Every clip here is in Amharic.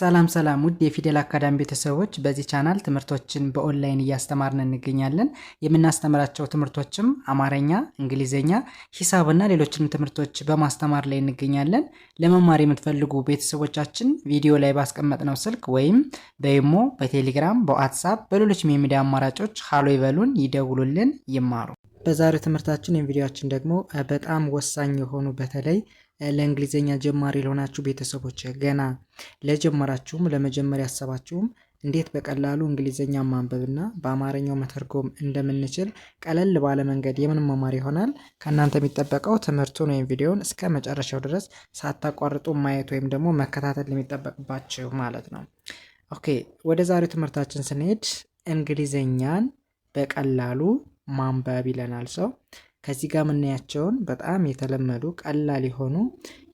ሰላም ሰላም ውድ የፊደል አካዳሚ ቤተሰቦች፣ በዚህ ቻናል ትምህርቶችን በኦንላይን እያስተማርን እንገኛለን። የምናስተምራቸው ትምህርቶችም አማረኛ እንግሊዝኛ፣ ሂሳብና ሌሎችንም ትምህርቶች በማስተማር ላይ እንገኛለን። ለመማር የምትፈልጉ ቤተሰቦቻችን ቪዲዮ ላይ ባስቀመጥነው ስልክ ወይም በይሞ በቴሌግራም በዋትሳፕ በሌሎችም የሚዲያ አማራጮች ሀሎ ይበሉን፣ ይደውሉልን፣ ይማሩ። በዛሬው ትምህርታችን ወይም ቪዲዮችን ደግሞ በጣም ወሳኝ የሆኑ በተለይ ለእንግሊዘኛ ጀማሪ ለሆናችሁ ቤተሰቦች ገና ለጀመራችሁም ለመጀመሪያ ያሰባችሁም እንዴት በቀላሉ እንግሊዘኛ ማንበብና በአማርኛው መተርጎም እንደምንችል ቀለል ባለ መንገድ የምንመማር ይሆናል። ከእናንተ የሚጠበቀው ትምህርቱን ወይም ቪዲዮውን እስከ መጨረሻው ድረስ ሳታቋርጡ ማየት ወይም ደግሞ መከታተል የሚጠበቅባችሁ ማለት ነው። ኦኬ ወደ ዛሬው ትምህርታችን ስንሄድ እንግሊዘኛን በቀላሉ ማንበብ ይለናል ሰው ከዚህ ጋር የምናያቸውን በጣም የተለመዱ ቀላል የሆኑ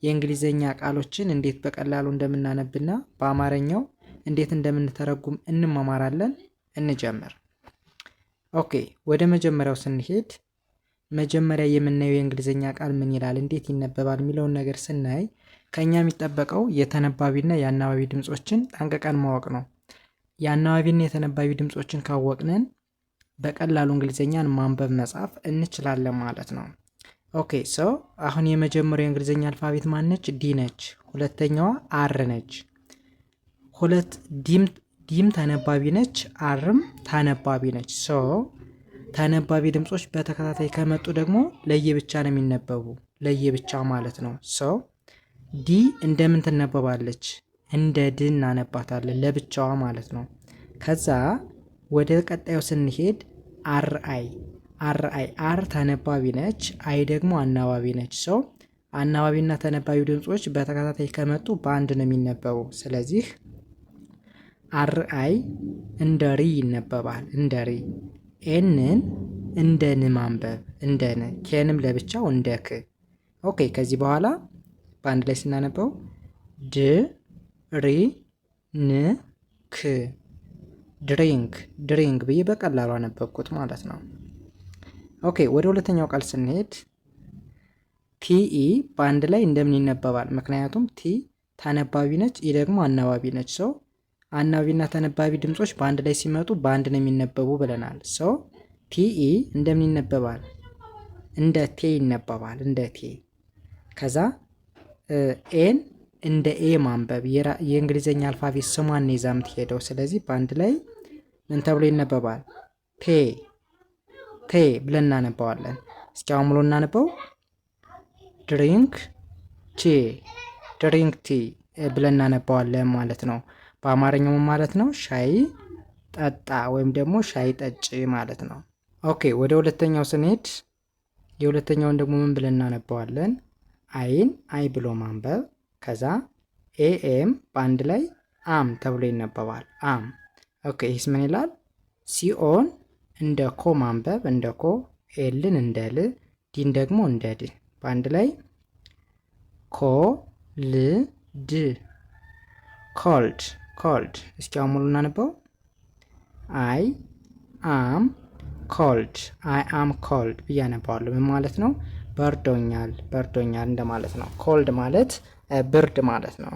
የእንግሊዝኛ ቃሎችን እንዴት በቀላሉ እንደምናነብና በአማርኛው እንዴት እንደምንተረጉም እንማማራለን። እንጀምር። ኦኬ፣ ወደ መጀመሪያው ስንሄድ መጀመሪያ የምናየው የእንግሊዝኛ ቃል ምን ይላል፣ እንዴት ይነበባል የሚለውን ነገር ስናይ ከእኛ የሚጠበቀው የተነባቢና የአናባቢ ድምፆችን ጠንቅቀን ማወቅ ነው። የአናባቢና የተነባቢ ድምፆችን ካወቅነን በቀላሉ እንግሊዝኛን ማንበብ መጻፍ እንችላለን ማለት ነው። ኦኬ ሶ አሁን የመጀመሪያው የእንግሊዝኛ አልፋቤት ማነች? ዲ ነች። ሁለተኛዋ አር ነች። ሁለት ዲም ተነባቢ ነች፣ አርም ተነባቢ ነች። ሶ ተነባቢ ድምፆች በተከታታይ ከመጡ ደግሞ ለየብቻ ነው የሚነበቡ ለየብቻ ማለት ነው። ሶ ዲ እንደምን ትነበባለች? እንደ ድ እናነባታለን ለብቻዋ ማለት ነው። ከዛ ወደ ቀጣዩ ስንሄድ አር አይ አር አይ አር ተነባቢ ነች፣ አይ ደግሞ አናባቢ ነች። ሰው አናባቢና ተነባቢ ድምፆች በተከታታይ ከመጡ በአንድ ነው የሚነበቡ። ስለዚህ አር አይ እንደ ሪ ይነበባል። እንደ ሪ ኤንን እንደ ን ማንበብ እንደ ን ኬንም ለብቻው እንደ ክ። ኦኬ ከዚህ በኋላ በአንድ ላይ ስናነበው ድ ሪ ን ክ ድሪንክ ድሪንክ ብዬ በቀላሉ አነበብኩት ማለት ነው። ኦኬ ወደ ሁለተኛው ቃል ስንሄድ ቲኢ በአንድ ላይ እንደምን ይነበባል? ምክንያቱም ቲ ተነባቢ ነች፣ ኢ ደግሞ አናባቢ ነች። ሰው አናባቢና ተነባቢ ድምጾች በአንድ ላይ ሲመጡ በአንድ ነው የሚነበቡ ብለናል። ሰው ቲኢ እንደምን ይነበባል? እንደ ቴ ይነበባል። እንደ ቴ ከዛ ኤን እንደ ኤ ማንበብ የእንግሊዝኛ አልፋቤት ስሟን ይዛ የምትሄደው ስለዚህ በአንድ ላይ ምን ተብሎ ይነበባል? ቴ ቴ ብለን እናነባዋለን። እስኪ አሁን ሙሉ እናነበው። ድሪንክ ቲ ድሪንክ ቲ ብለን እናነባዋለን ማለት ነው። በአማርኛው ማለት ነው ሻይ ጠጣ ወይም ደግሞ ሻይ ጠጭ ማለት ነው። ኦኬ ወደ ሁለተኛው ስንሄድ የሁለተኛውን ደግሞ ምን ብለን እናነባዋለን? አይን አይ ብሎ ማንበብ ከዛ ኤኤም በአንድ ላይ አም ተብሎ ይነበባል። አም ኦኬ ይህስ ምን ይላል? ሲኦን እንደ ኮ ማንበብ እንደ ኮ፣ ኤልን እንደ ል፣ ዲን ደግሞ እንደ ድ በአንድ ላይ ኮ ል ድ ኮልድ ኮልድ። እስኪ አሁን ሙሉ እናነበው። አይ አም ኮልድ አይ አም ኮልድ ብዬ አነባዋለሁ። ምን ማለት ነው? በርዶኛል በርዶኛል እንደማለት ነው። ኮልድ ማለት ብርድ ማለት ነው።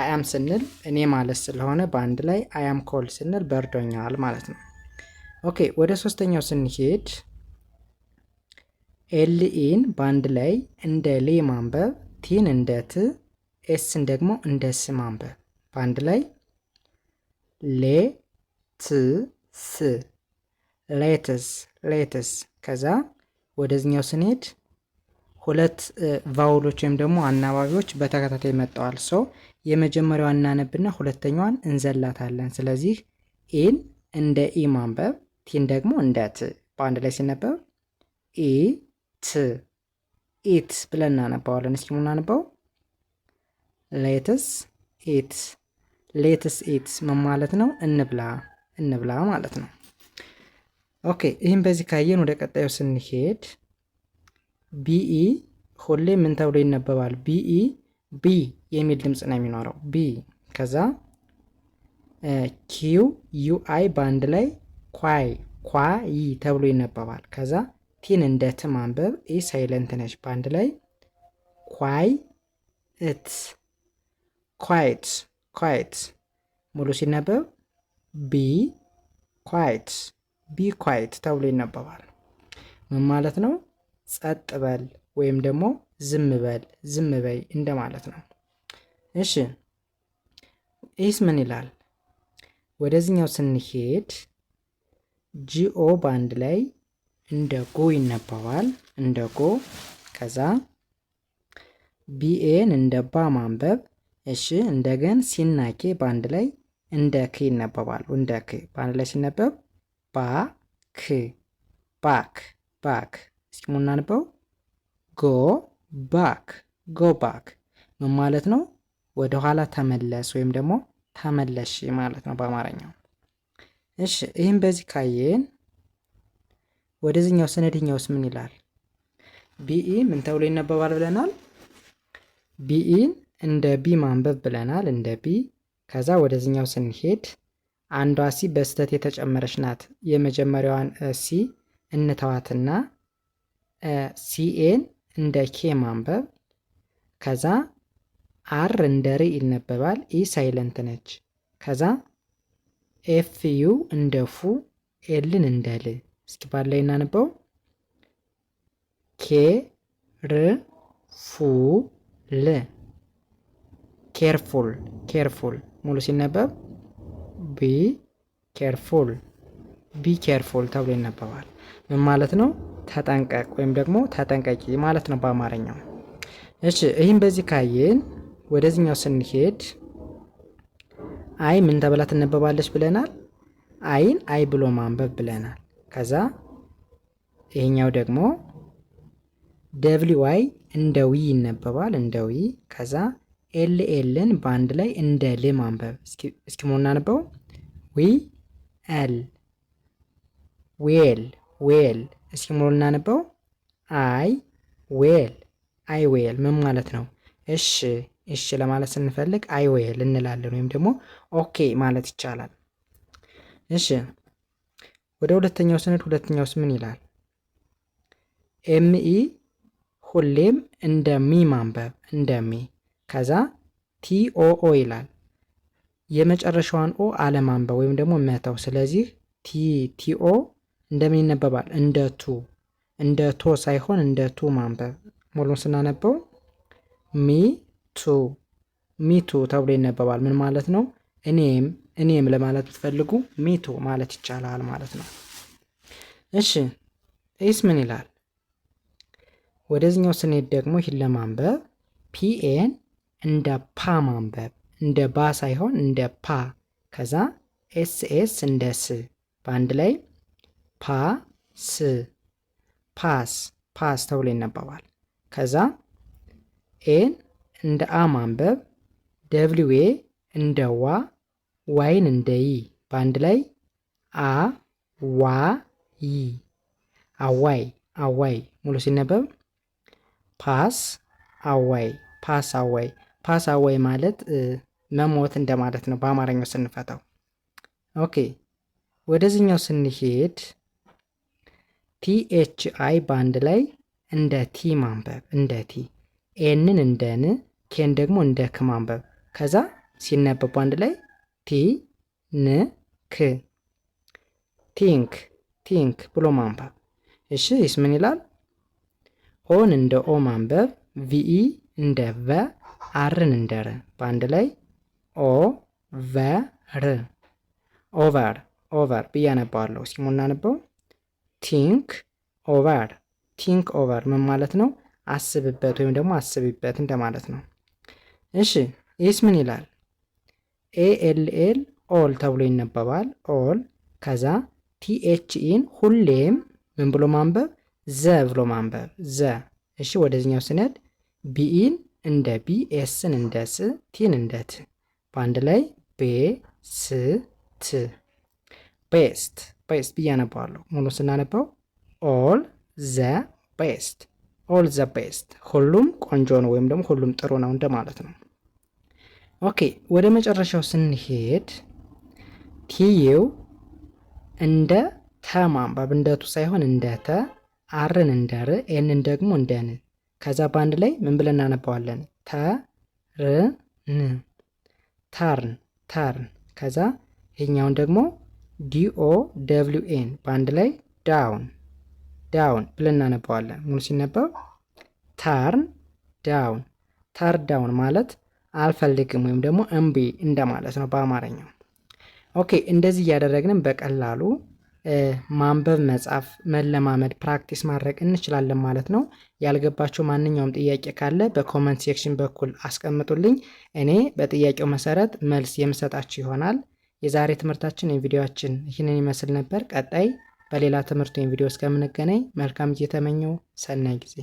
አያም ስንል እኔ ማለት ስለሆነ በአንድ ላይ አያም ኮልድ ስንል በርዶኛል ማለት ነው። ኦኬ ወደ ሶስተኛው ስንሄድ ኤልኢን በአንድ ላይ እንደ ሌ ማንበብ፣ ቲን እንደ ት፣ ኤስን ደግሞ እንደ ስ ማንበብ በአንድ ላይ ሌ ት ስ ሌትስ ሌትስ ከዛ ወደዚኛው ስንሄድ ሁለት ቫውሎች ወይም ደግሞ አናባቢዎች በተከታታይ መጠዋል። ሶ የመጀመሪያው እናነብና ሁለተኛዋን እንዘላታለን። ስለዚህ ኢን እንደ ኢ ማንበብ ቲን ደግሞ እንደ ት በአንድ ላይ ሲነበብ ኢ ት ኢት ብለን እናነባዋለን። እስኪ ምናነበው ሌትስ ኢት ሌትስ ኢት ምን ማለት ነው? እንብላ እንብላ ማለት ነው። ኦኬ ይህም በዚህ ካየን ወደ ቀጣዩ ስንሄድ ቢኢ ሁሌ ምን ተብሎ ይነበባል? ቢኢ ቢ የሚል ድምፅ ነው የሚኖረው። ቢ ከዛ ኪዩ ዩአይ በአንድ ላይ ኳይ ኳይ ተብሎ ይነበባል። ከዛ ቲን እንደ ት ማንበብ ኢ ሳይለንት ነች። በአንድ ላይ ኳይ እት ኳይት ኳይት ሙሉ ሲነበብ ቢ ኳይት ቢ ኳይት ተብሎ ይነበባል። ምን ማለት ነው? ጸጥ በል ወይም ደግሞ ዝም በል ዝም በይ እንደማለት ነው። እሺ ይህስ ምን ይላል? ወደዚህኛው ስንሄድ ጂኦ በአንድ ላይ እንደ ጎ ይነበባል። እንደ ጎ ከዛ ቢኤን እንደ ባ ማንበብ እሺ። እንደገን ሲናኬ በአንድ ላይ እንደ ክ ይነበባል። እንደ ክ በአንድ ላይ ሲነበብ ባክ ባክ ባክ እስኪ ጎ ባክ ጎ ባክ ምን ማለት ነው? ወደ ኋላ ተመለስ ወይም ደግሞ ተመለሽ ማለት ነው በአማርኛው። እሺ ይህም በዚህ ካየን ወደዚህኛው ስነድኛውስ ምን ይላል? ቢኢ ምን ተብሎ ይነበባል ብለናል። ቢኢን እንደ ቢ ማንበብ ብለናል፣ እንደ ቢ። ከዛ ወደዚህኛው ስንሄድ አንዷ ሲ በስህተት የተጨመረች ናት። የመጀመሪያዋን ሲ እንተዋትና ሲኤን እንደ ኬ ማንበብ ከዛ አር እንደ ሪ ይነበባል። ኢ ሳይለንት ነች። ከዛ ኤፍ ዩ እንደ ፉ ኤልን እንደ ል እስኪ ባል ላይ እናነበው ኬ ር ፉ ል ኬርፉል ኬርፉል ሙሉ ሲነበብ ቢ ኬርፉል ቢ ኬርፉል ተብሎ ይነበባል። ምን ማለት ነው? ተጠንቀቅ ወይም ደግሞ ተጠንቀቂ ማለት ነው በአማርኛው። እሺ ይህም በዚህ ካየን ወደዚህኛው ስንሄድ አይ ምን ተብላ ትነበባለች ብለናል። አይን አይ ብሎ ማንበብ ብለናል። ከዛ ይሄኛው ደግሞ ደብሊው አይ እንደ ዊ ይነበባል፣ እንደ ዊ። ከዛ ኤል ኤልን በአንድ ላይ እንደ ል ማንበብ። እስኪ እናነበው ዊ ኤል ዌል ዌል እስኪ ሙሉ እናነበው። አይ ዌል አይ ዌል ምን ማለት ነው? እሺ እሺ ለማለት ስንፈልግ አይ ዌል እንላለን፣ ወይም ደግሞ ኦኬ ማለት ይቻላል። እሺ ወደ ሁለተኛው ስንድ ሁለተኛውስ ምን ይላል? ኤምኢ ሁሌም እንደሚ ማንበብ እንደሚ፣ ከዛ ቲኦኦ ይላል የመጨረሻዋን ኦ አለማንበብ ወይም ደግሞ መተው። ስለዚህ ቲ ቲኦ እንደምን ይነበባል? እንደ ቱ እንደ ቶ ሳይሆን እንደ ቱ ማንበብ። ሙሉን ስናነበው ሚ ቱ ሚቱ ተብሎ ይነበባል። ምን ማለት ነው? እኔም እኔም ለማለት ብትፈልጉ ሚቱ ማለት ይቻላል ማለት ነው። እሺ ይስ ምን ይላል? ወደዚኛው ስንሄድ ደግሞ ይህን ለማንበብ ፒኤን እንደ ፓ ማንበብ እንደ ባ ሳይሆን እንደ ፓ ከዛ ኤስኤስ እንደ ስ በአንድ ላይ ፓስ ፓስ ፓስ ተብሎ ይነበባል። ከዛ ኤን እንደ አ ማንበብ ደብሊው ኤ እንደ ዋ ዋይን እንደ ይ በአንድ ላይ አ ዋ ይ አዋይ አዋይ ሙሉ ሲነበብ ፓስ አዋይ ፓስ አዋይ ፓስ አዋይ ማለት መሞት እንደማለት ነው በአማርኛው ስንፈታው። ኦኬ ወደዚህኛው ስንሄድ ቲኤች አይ በአንድ ላይ እንደ ቲ ማንበብ እንደ ቲ፣ ኤንን እንደ ን፣ ኬን ደግሞ እንደ ክ ማንበብ ከዛ ሲነበብ በአንድ ላይ ቲ ን ክ ቲንክ ቲንክ ብሎ ማንበብ። እሺ ይስ ምን ይላል? ኦን እንደ ኦ ማንበብ፣ ቪኢ እንደ ቨ፣ አርን እንደ ር በአንድ ላይ ኦ ቨ ር ኦቨር ኦቨር ብያነባዋለሁ። አነባዋለሁ። ሲሞና ነበው ቲንክ ኦቨር ቲንክ ኦቨር ምን ማለት ነው? አስብበት ወይም ደግሞ አስብበት እንደማለት ነው። እሺ ይህስ ምን ይላል? ኤኤልኤል ኦል ተብሎ ይነበባል። ኦል ከዛ ቲኤችኢን ሁሌም ምን ብሎ ማንበብ ዘ ብሎ ማንበብ ዘ። እሺ ወደዚኛው ስነድ ቢኢን እንደ ቢ፣ ኤስን እንደ ስ፣ ቲን እንደ ት፣ በአንድ ላይ ቤ ስ ት ቤስት ቤስት ብዬ አነባዋለሁ። ሙሉ ስናነባው ኦል ዘ ቤስት ኦል ዘ ቤስት ሁሉም ቆንጆ ነው ወይም ደግሞ ሁሉም ጥሩ ነው እንደማለት ነው። ኦኬ ወደ መጨረሻው ስንሄድ ቲዩ እንደ ተ ማንባብ እንደቱ ሳይሆን እንደ ተ አርን እንደ ር ኤንን ደግሞ እንደ ን ከዛ በአንድ ላይ ምን ብለን እናነባዋለን? ተ ር ን ታርን ታርን ከዛ ይህኛውን ደግሞ ዲኦ ደብሊው ኤን በአንድ ላይ ዳውን ዳውን ብለን እናነባዋለን። ሙሉ ሲነበብ ታርን ዳውን ታር ዳውን ማለት አልፈልግም ወይም ደግሞ እምቢ እንደማለት ነው በአማርኛው። ኦኬ እንደዚህ እያደረግንም በቀላሉ ማንበብ መጻፍ መለማመድ ፕራክቲስ ማድረግ እንችላለን ማለት ነው። ያልገባቸው ማንኛውም ጥያቄ ካለ በኮመንት ሴክሽን በኩል አስቀምጡልኝ። እኔ በጥያቄው መሰረት መልስ የምሰጣችሁ ይሆናል። የዛሬ ትምህርታችን ወይም ቪዲዮችን ይህንን ይመስል ነበር። ቀጣይ በሌላ ትምህርት ወይም ቪዲዮ እስከምንገናኝ መልካም ጊዜ ተመኘው። ሰናይ ጊዜ